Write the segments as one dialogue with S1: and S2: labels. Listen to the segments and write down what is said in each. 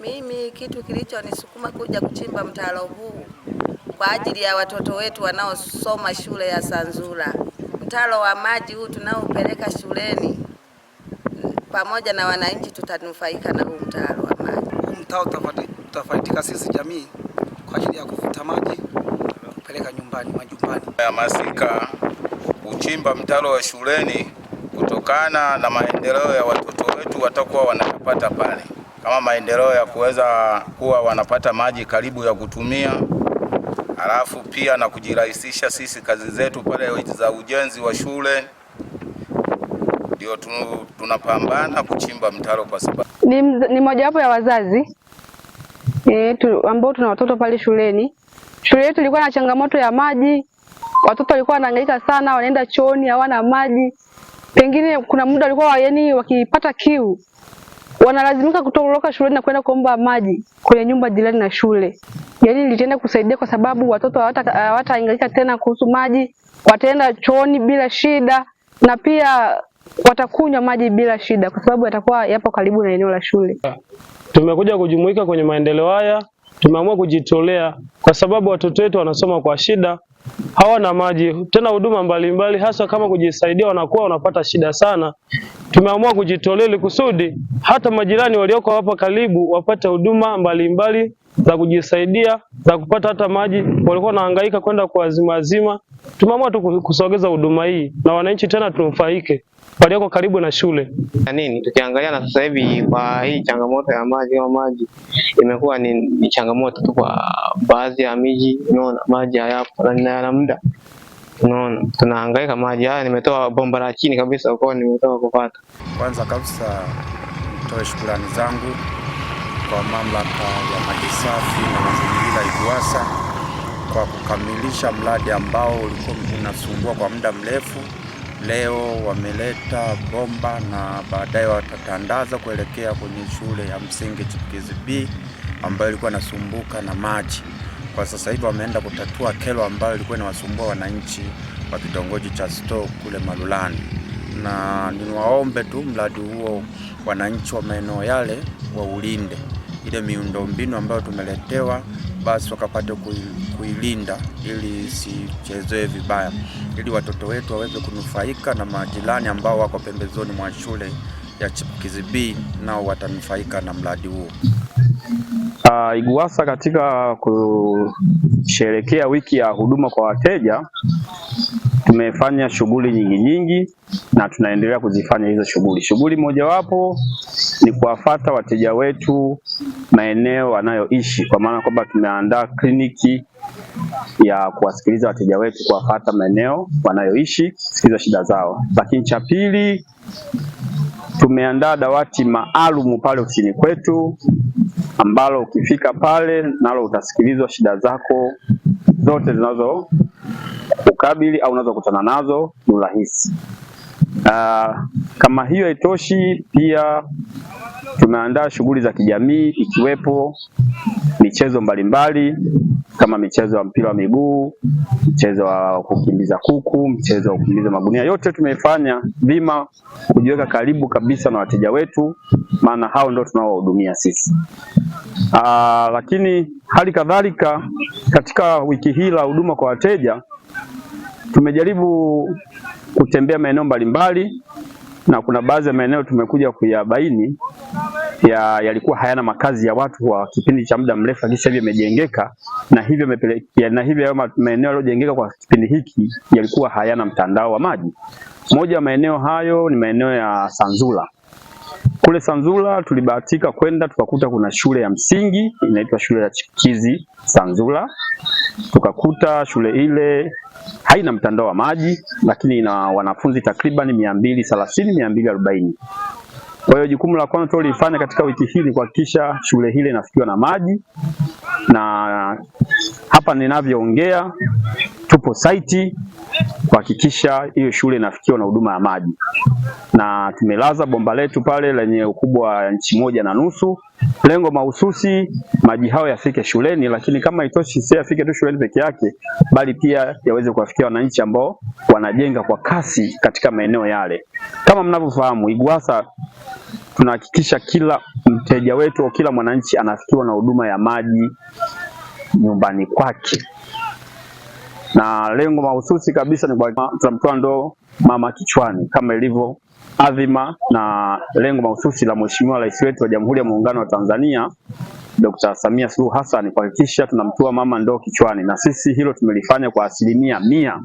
S1: Mimi kitu kilichonisukuma kuja kuchimba mtaro huu kwa ajili ya watoto wetu wanaosoma shule ya Sanzura, mtaro wa maji huu tunaopeleka shuleni pamoja na wananchi tutanufaika na huu mtaro wa maji.
S2: Mtaro utafaidika sisi jamii kwa ajili ya kuvuta maji kupeleka nyumbani majumbani.
S3: masika kuchimba mtaro wa shuleni kutokana na maendeleo ya watoto wetu watakuwa wanapata pale kama maendeleo ya kuweza kuwa wanapata maji karibu ya kutumia, halafu pia na kujirahisisha sisi kazi zetu pale za ujenzi wa shule, ndio tunapambana kuchimba mtaro kwa sababu
S4: ni, ni mojawapo ya wazazi e, tu, ambao tuna watoto pale shuleni. Shule yetu ilikuwa na changamoto ya maji, watoto walikuwa wanahangaika sana, wanaenda chooni hawana maji, pengine kuna muda walikuwa yani wakipata kiu wanalazimika kutoroka shuleni na kwenda kuomba maji kwenye nyumba jirani na shule. Yaani nilitenda kusaidia kwa sababu watoto hawataangaika tena kuhusu maji, wataenda chooni bila shida na pia watakunywa maji bila shida kwa sababu yatakuwa yapo karibu na eneo la shule.
S5: Tumekuja kujumuika kwenye maendeleo haya, tumeamua kujitolea kwa sababu watoto wetu wanasoma kwa shida, hawana maji, tena huduma mbalimbali, hasa kama kujisaidia, wanakuwa wanapata shida sana tumeamua kujitolea ili kusudi hata majirani walioko hapa karibu wapate huduma mbalimbali za kujisaidia za kupata hata maji, walikuwa wanahangaika kwenda kwa azima azima. Tumeamua tu kusogeza huduma hii na wananchi tena tunufaike walioko karibu na shule
S6: na nini. Tukiangalia na sasa hivi kwa hii changamoto ya maji ya maji imekuwa ni, ni changamoto tu kwa baadhi ya miji, unaona maji hayapo na muda Unaona, tunahangaika maji haya, nimetoa bomba la chini kabisa uko nimetoka kupata.
S7: Kwanza kabisa nitoe shukrani zangu kwa mamlaka ya maji safi na mazingira IGUWASA kwa kukamilisha mradi ambao ulikuwa unasumbua kwa muda mrefu. Leo wameleta bomba na baadaye watatandaza kuelekea kwenye shule ya msingi chipukizi B ambayo ilikuwa inasumbuka na maji kwa sasa hivi wameenda kutatua kero ambayo ilikuwa inawasumbua wananchi wa kitongoji cha Store kule Malulani, na niwaombe tu mradi huo wananchi wa maeneo yale waulinde, ile miundombinu ambayo tumeletewa basi wakapate kuilinda ili sichezee vibaya, ili watoto wetu waweze kunufaika na majirani ambao wako pembezoni mwa shule ya chipukizi B nao watanufaika na mradi huo.
S8: Uh, ah, IGUWASA katika kusherekea wiki ya huduma kwa wateja tumefanya shughuli nyingi nyingi na tunaendelea kuzifanya hizo shughuli. Shughuli mojawapo ni kuwafata wateja wetu maeneo wanayoishi, kwa maana kwamba tumeandaa kliniki ya kuwasikiliza wateja wetu, kuwafata maeneo wanayoishi, kusikiliza shida zao. Lakini cha pili tumeandaa dawati maalumu pale ofisini kwetu ambalo ukifika pale nalo utasikilizwa shida zako zote zinazo kukabili au unazokutana nazo kiurahisi. Uh, ah, kama hiyo haitoshi, pia tumeandaa shughuli za kijamii ikiwepo michezo mbalimbali kama michezo ya mpira wa miguu, mchezo wa kukimbiza kuku, mchezo wa kukimbiza magunia. Yote tumefanya bima kujiweka karibu kabisa na wateja wetu, maana hao ndio tunaowahudumia sisi. Aa, ah, lakini hali kadhalika katika wiki hii la huduma kwa wateja tumejaribu kutembea maeneo mbalimbali na kuna baadhi ya maeneo tumekuja kuyabaini ya, yalikuwa hayana makazi ya watu kwa kipindi cha muda mrefu, lakini sasa hivi yamejengeka na hivyo yamepelekea na hivyo hayo maeneo yaliyojengeka kwa kipindi hiki yalikuwa hayana mtandao wa maji. Moja ya maeneo hayo ni maeneo ya Sanzula. Kule Sanzula tulibahatika kwenda tukakuta kuna shule ya msingi inaitwa shule ya Chikizi Sanzula. Tukakuta shule ile haina mtandao wa maji, lakini ina wanafunzi takriban mia mbili thelathini mia mbili arobaini kwa hiyo jukumu la kwanza tulilifanya katika wiki hii ni kuhakikisha shule hile inafikiwa na maji, na hapa ninavyoongea tupo saiti kuhakikisha hiyo shule inafikiwa na huduma ya maji, na tumelaza bomba letu pale lenye ukubwa wa nchi moja na nusu, lengo mahususi maji hayo yafike shuleni, lakini kama itoshi, si yafike tu shuleni peke yake, bali pia yaweze kuwafikia wananchi ambao wanajenga kwa kasi katika maeneo yale. Kama mnavyofahamu IGUWASA tunahakikisha kila mteja wetu au kila mwananchi anafikiwa na huduma ya maji nyumbani kwake na lengo mahususi kabisa ni kwa tunamtoa ndo mama kichwani kama ilivyo adhima na lengo mahususi la Mheshimiwa Rais wetu wa Jamhuri ya Muungano wa Tanzania Dr. Samia Suluhu Hassan kuhakikisha tunamtua mama ndoo kichwani, na sisi hilo tumelifanya kwa asilimia mia.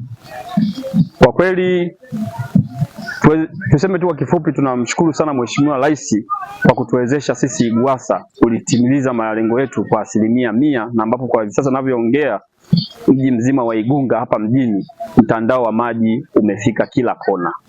S8: Kwa kweli tuseme tu kwa kifupi, tunamshukuru sana Mheshimiwa Rais kwa kutuwezesha sisi IGUWASA kulitimiliza malengo yetu kwa asilimia mia, na ambapo kwa hivi sasa navyoongea mji mzima wa Igunga hapa mjini, mtandao wa maji umefika kila kona.